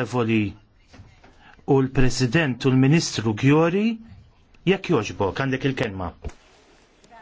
Evoli u l-President u l-Ministru Gjori jekk joġbok għandek il-kelma.